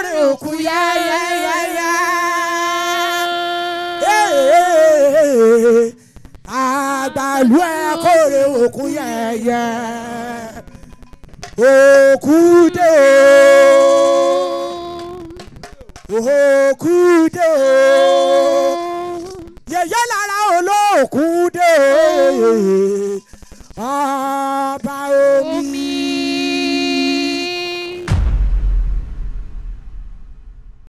lórí òkú yáyáyáyá. àgbàlú ẹ kórè òkú yẹyẹ òkú dé òkú dé yẹyẹ lára olóòkú dé ọba o.